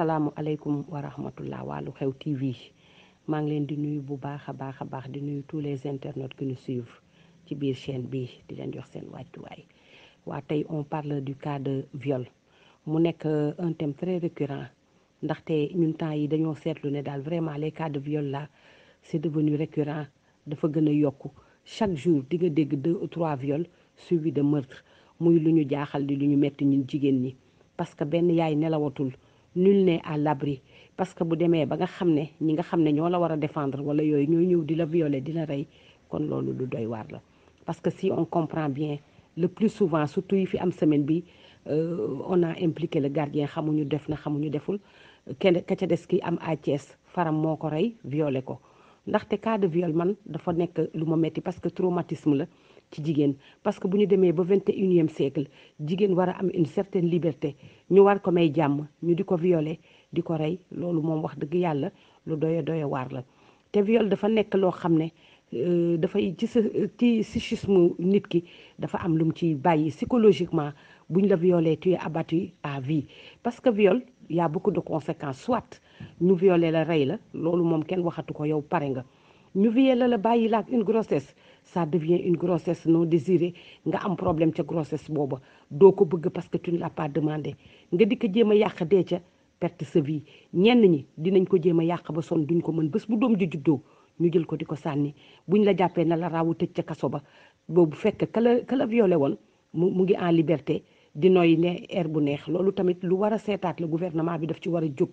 salaamu asalaamualeykum wa rahmatullah wàllu xew TV maa ngi leen di nuyu bu baax a baax a baax di nuyu tous les internautes qui nous suivent ci biir chain bi di leen jox seen wàccuwaay waa tey on parle du cas de viol mu nekk euh, un thème très récurrent ndaxte ñun temps yi dañoo seetlu ne daal vraiment les cas de viol là c'est devenu récurrent dafa gën a yokku chaque jour di nga dégg deux ou trois viols suivi de meurtre muy lu ñu jaaxal di lu ñu metti ñun jigéen ñi parce que benn yaay nelawatul nul ne à l'abri parce que bu demee ba nga xam ne ñi nga xam ne ñoo la war a defendre wala yooyu ñooy ñëw di la violer dina rey kon loolu lu doy waar la parce que si on comprend bien le plus souvent surtout yi fi am semaine bi euh, on a impliqué le gardien xamuñu def na xamuñu deful kenn ka ca des ki am à Thiès faram moo ko rey violé ko ndaxte cas de viol man dafa nekk lu ma metti parce que traumatisme la ci jigéen parce que bu ñu demee ba vingt et unième siècle jigéen war am une certaine liberté ñu war ko may jàmm ñu di ko viole di ko rey loolu moom wax dëgg yàlla lu doye doye waar la te viol dafa nekk loo xam ne Euh, dafay ci sa ci psychisme nit ki dafa am lum ci bàyyi psychologiquement buñ la violé tu es abattu à vie parce que viol yaa a beaucoup de conséquences soit ñu violé la rey la loolu moom kenn waxatu ko yow pare nga ñu violé la bàyyi la ak une grossesse ça devient une grossesse non désirée nga am problème ca grossesse booba doo ko bëgg parce que tu ne l'as pas demandé nga dikk ko jéem a yàq dee ca perte sa vie ñenn ñi dinañ ko jéem a yàq ba son duñ ko mën bés bu doom ji juddoo ñu jël ko di ko sànni buñ la jàppee na la raawu tëj ca kaso ba boobu fekk kala kala violé woon mu mu ngi en liberté di noy ne air bu neex loolu tamit lu war a seetaat la gouvernement bi def ci war a jóg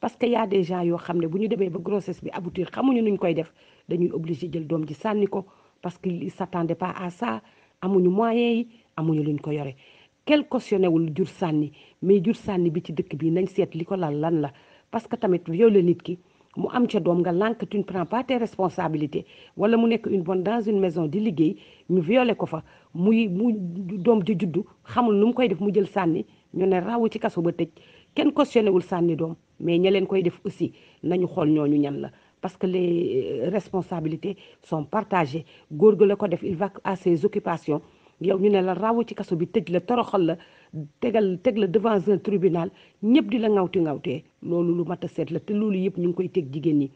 parce que y a yoo xam ne bu ñu demee ba grossesse bi aboutir xamuñu nuñ koy def dañuy obligé jël doom ji sànni ko parce que ils s'attendaient pas en ça amuñu moyens yi amuñu luñ ko yore kel cautionné wul jur sànni mais jur sànni bi ci dëkk bi nañ seetli ko lal lan la parce que tamit violé nit ki mu am ca doom nga lànk tu ne prends pas wala mu nekk une bonne dans une maison di liggéey ñu violé ko fa muy mu doom di juddu xamul nu mu koy def mu jël sànni ñu ne raw ci kaso ba tëj kenn cautionné wul sànni doom mais ña koy def aussi nañu xool ñooñu ñan la parce que les euh, responsabilités son partagé góor gu la ko def il va à ses occupations yow ñu ne la rawu ci kaso bi tëj la toroxal la tegal teg la devant tribunal ñëpp di la ngawti ngawtee loolu lu mat a seet la te loolu yëpp ñu ngi koy teg jigéen ñi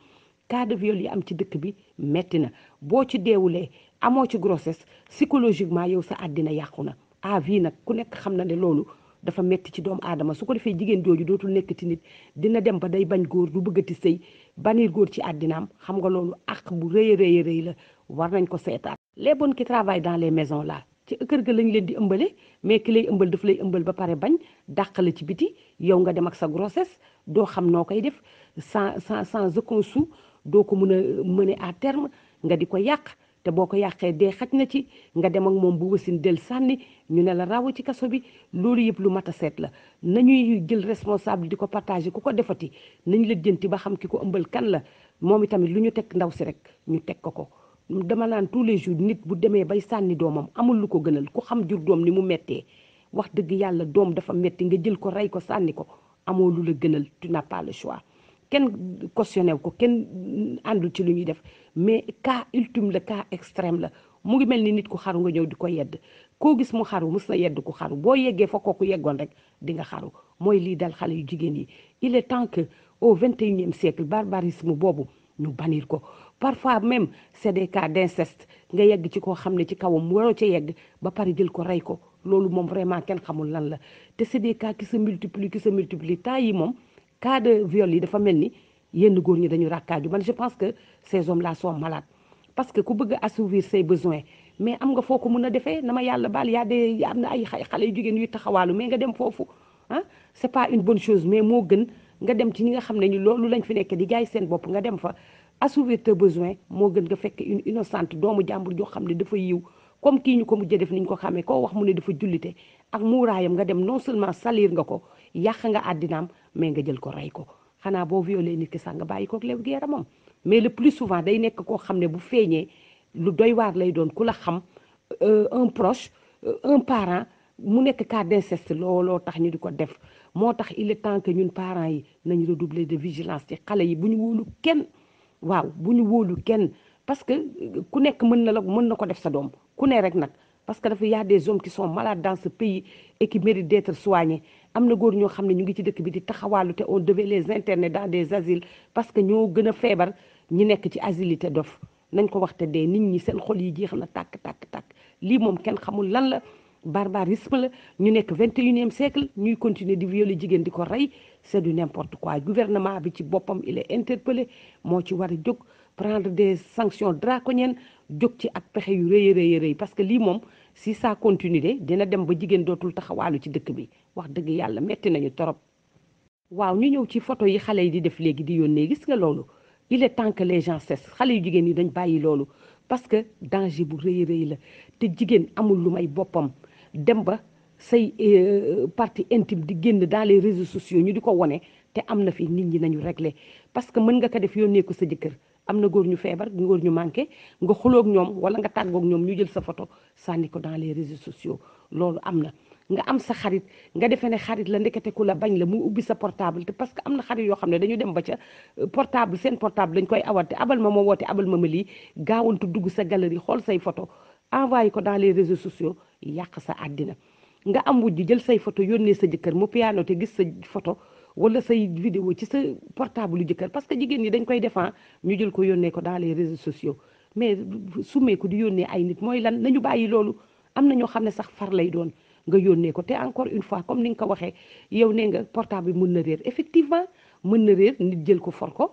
cas de viol yi am ci dëkk bi metti na boo ci deewulee amoo ci grossesse psychologiquement yow sa àddina yàqu na à vie nag ku nekk xam na ne loolu dafa metti ci doomu aadama su ko defee jigéen jooju dootul nekk ti nit dina dem ba day bañ góor du bëggati sëy banir góor ci àddinaam xam nga loolu àq bu rëy a rëy la war nañ ko seetaat les bonnes qui travaillent dans les maisons là ci kër ga lañ leen di ëmbale mais ki lay ëmbal daf lay ëmbal ba pare bañ dàqale ci biti yow nga dem ak sa grossesse doo xam noo koy def sans sans sans aucun sou doo ko mën a mëne à terme nga di ko yàq te boo ko yàqee dee xaj na ci nga dem ak moom bu wasin del sànni ñu ne la raw ci kaso bi loolu yëpp lu mat a seet la na nañuy jël responsable di ko partager ku ko defati nañ la jënti ba xam ki ko ëmbal kan la moom itamit lu ñu teg ndaw si rek ñu teg ko ko dama naan tous les jours nit bu demee bay sànni doomam amul lu ko gënal ku xam jur doom ni mu mettee wax dëgg yàlla doom dafa metti nga jël ko rey ko sànni ko amoo lu la gënal tu n'as pas le choix kenn cautionné ko kenn àndul ci lu ñuy def mais cas ultime la cas extrême la mu ngi mel ni nit ku xaru nga ñëw di ko yedd koo gis mu xaru mus na yedd ku xaru boo yeggee fa kooku yeggoon rek di nga xaru mooy lii dal xale yu jigéen yi il est temps que au vingt et unième siècle barbarisme boobu ñu bannir ko parfois même c'est des cas d'inceste nga yegg ci koo xam ne ci kawam waroo ci yegg ba pare jël ko rey ko loolu moom vraiment kenn xamul lan la te c'est des cas qui se multiplient qui se multiplient temps moom cas de viol yi dafa mel ni yenn góor ñi dañu rakkaaju man je pense que ces hommes là sont malades parce que ku bëgg assouvir ses besoins mais am nga foo ko mun a defee na ma yàlla baal yaa de am na ay xale yu jigéen yi taxawaalu mais nga dem foofu ah une bonne chose mais moo gën nga dem ci ñi nga xam ne ñu loolu lañ fi nekkee di jaay seen bopp nga dem fa assouvir tes besoins moo gën nga fekk une innocente doomu jàmbur joo xam ne dafa yiw comme kii ñu ko mujjee def niñ ko xamee koo wax mu ne dafa jullite ak muuraayam nga dem non seulement salir nga ko yàq nga àddinaam mais nga jël ko rey ko xanaa boo violé nit ki sax nga bàyyi ko ak lew geera moom mais le plus souvent day nekk koo xam ne bu feeñee lu doy waar lay doon ku la xam euh, un proche euh, un parent mu nekk cas d'inceste looloo tax ñu di ko def moo tax il est temps ñun parents yi nañ redoubler de vigilance ci xale yi bu ñu wóolu kenn waaw bu ñu wóolu kenn parce que euh, ku nekk mën na la mën na ko def sa doom ku ne rek nag parce que dafa y a des hommes qui sont malades dans ce pays et qui d'être soignés am na góor ñoo xam ne ñu ngi ci dëkk bi di taxawaalu te on devait les interner dans des asiles parce que ñoo gën a feebar ñi nekk ci asile te dof nañ ko wax dee nit ñi seen xol yi jeex na tàkk tàkk tàkk lii moom kenn xamul lan la barbarisme la ñu nekk vingt et unième siècle ñuy continuer di violer jigéen di ko rey c'est du n'importe quoi gouvernement bi ci boppam il est interpellé moo ci war a jóg prendre des sanctions draconiennes jog ci ak pexe yu rëy rëy rëy parce que lii moom si ça continue de dina dem ba jigéen dootul taxawaalu ci dëkk bi wax dëgg yàlla metti nañu torop waaw ñu ñëw ci photo yi xale yi di def léegi di yónnee gis nga loolu il est temps que les gens xale yu jigéen yi dañ bàyyi loolu parce que danger bu rëy rëy la te jigéen amul lu may boppam dem ba say euh, partie intime di génn dans les réseaux sociaux ñu di ko wone te am na fi nit ñi nañu réglé parce que mën nga ko def yónnee ko sa jëkkër am na góor ñu feebar góor ñu manqué nga xuloog ñoom wala nga tàggoog ñoom ñu jël sa photo sànni ko dans les réseaux sociaux loolu am na nga am sa xarit nga defee ne xarit la ndekete ku la bañ la mu ubbi sa portable parce que am na xarit yoo xam ne dañu dem ba ca euh, portable seen portable dañ koy awarte abal ma ma woote abal ma ma lii gaawantu dugg sa galerie xool say photo envoyé ko dans les réseaux sociaux yàq sa àddina nga am wujj jël say photo yónnee sa jëkkër mu piano te gis sa photo wala say video ci sa portable yu jëkkër parce que jigéen ñi dañ koy defan ah, ñu jël ko yónnee ko dans les réseaux sociaux mais sumee ko di yónnee ay nit mooy lan nañu bàyyi loolu am na ñoo xam ne sax far lay doon nga yónnee ko te encore une fois comme ni nga ko waxee yow nee nga portable bi mën na réer effectivement mën na réer nit jël ko for ko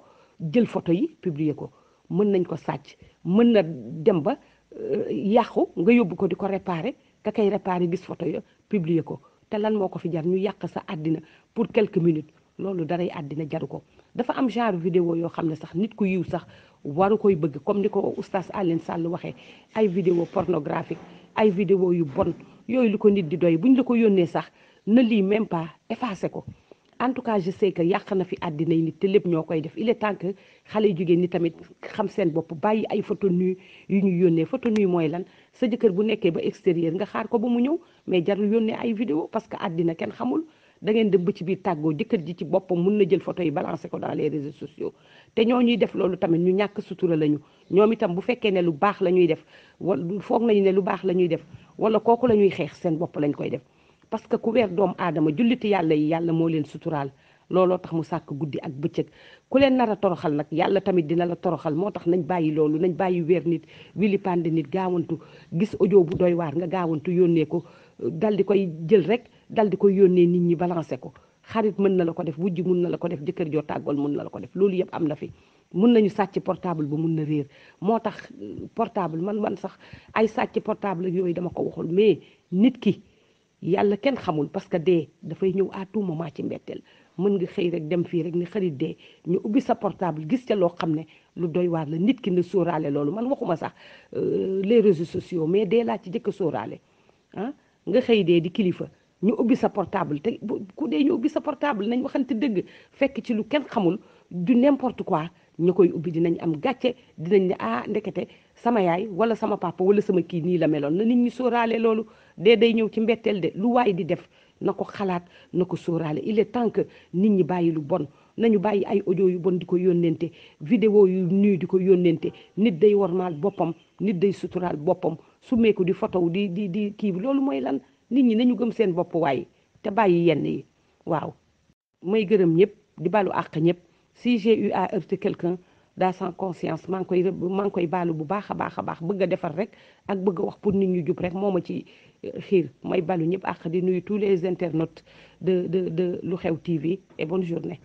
jël photo yi publier ko mën nañ ko sàcc mën na dem ba euh, yàqu nga yóbbu ko di ko réparer ka kay réparé gis photo ya publier ko te lan moo ko fi jar ñu yàq sa addina pour quelques minutes loolu daray àddina jaru ko dafa am genre vidéo yoo xam ne sax nit ku yiw sax waru koy bëgg comme ni ko oustaz Alioune Sall waxee ay vidéo pornographique ay vidéo yu bon yooyu li ko nit di doy buñ la ko yónnee sax na lii même pas effacé ko en tout cas je yàq na fi àddina yi nit te lépp ñoo koy def il est temps que xale yu jigéen ñi tamit xam seen bopp bàyyi ay photo nu yu ñu yónnee photo nu mooy lan sa jëkkër bu nekkee ba extérieur nga xaar ko ba mu ñëw mais jarul yónnee ay vidéo parce que àddina kenn xamul da ngeen dem ba ci biir tàggoo jëkkër ji ci boppam mun na jël foto yi balancé ko dans les réseaux sociaux te ñoo ñuy def loolu tamit ñu ñàkk sutura lañu ñoom itam bu fekkee ne lu baax la ñuy def wala foog nañu ne lu baax la ñuy def wala kooku la ñuy xeex seen bopp lañ koy def parce que ku weer doomu aadama julliti yàlla yi yàlla moo leen suturaal looloo tax mu sàkk guddi ak bëccëg ku leen nar a toroxal nag yàlla tamit dina la toroxal moo tax nañ bàyyi loolu nañ bàyyi weer nit wili pande nit gaawantu gis audio bu doy waar nga gaawantu yónnee ko dal di koy jël rek dal di koy yónnee nit ñi balancé ko xarit mën na la ko def wujj mën na la ko def jëkkër joo tàggool mën na la ko def loolu yëpp am na fi mun nañu sàcc portable ba mun na réer moo tax euh, portable man man sax ay sàcc portable yooyu dama ko waxul mais nit ki yàlla kenn xamul parce que dee dafay ñëw à tout moment ci mbetteel mën nga xëy rek dem fii rek ni xarit dee ñu ubbi sa portable gis ca loo xam ne lu doy waar la nit ki ne sóoraale loolu man waxuma sax euh, les réseaux sociaux mais dee laa ci jëkk sooraale ah nga xëy dee di kilifa ñu ubbi sa portable te ku dee ñu ubbi sa portable nañ waxante dëgg fekk ci lu kenn xamul du n'importe quoi ñu koy ubbi dinañ am gàcce dinañ ne ah ndekete sama yaay wala sama papa wala sama kii nii la meloon na nit ñi sóoraale loolu dee day ñëw ci mbetteel de lu waay di def na ko xalaat na ko sóoraale il est temps que nit ñi bàyyi lu bon nañu bàyyi ay audio yu bon di ko yónnente vidéo yu nuy di ko yónnente nit day wormaal boppam nit day suturaal boppam su meeku di photo di di di kii loolu mooy lan nit ñi nañu gëm seen bopp waaye te bàyyi yenn yi waaw may gërëm ñëpp di balu àq ñëpp si j'ai eu daa sans conscience maa ngi koy maa ngi koy baalu bu baax a baax a baax bëgg a defar rek ak bëgg a wax pour nit ñu jub rek moo ma ci euh, xiir may baalu ñëpp àq di nuyu tous les internautes de de de lu xew TV et bonne journée.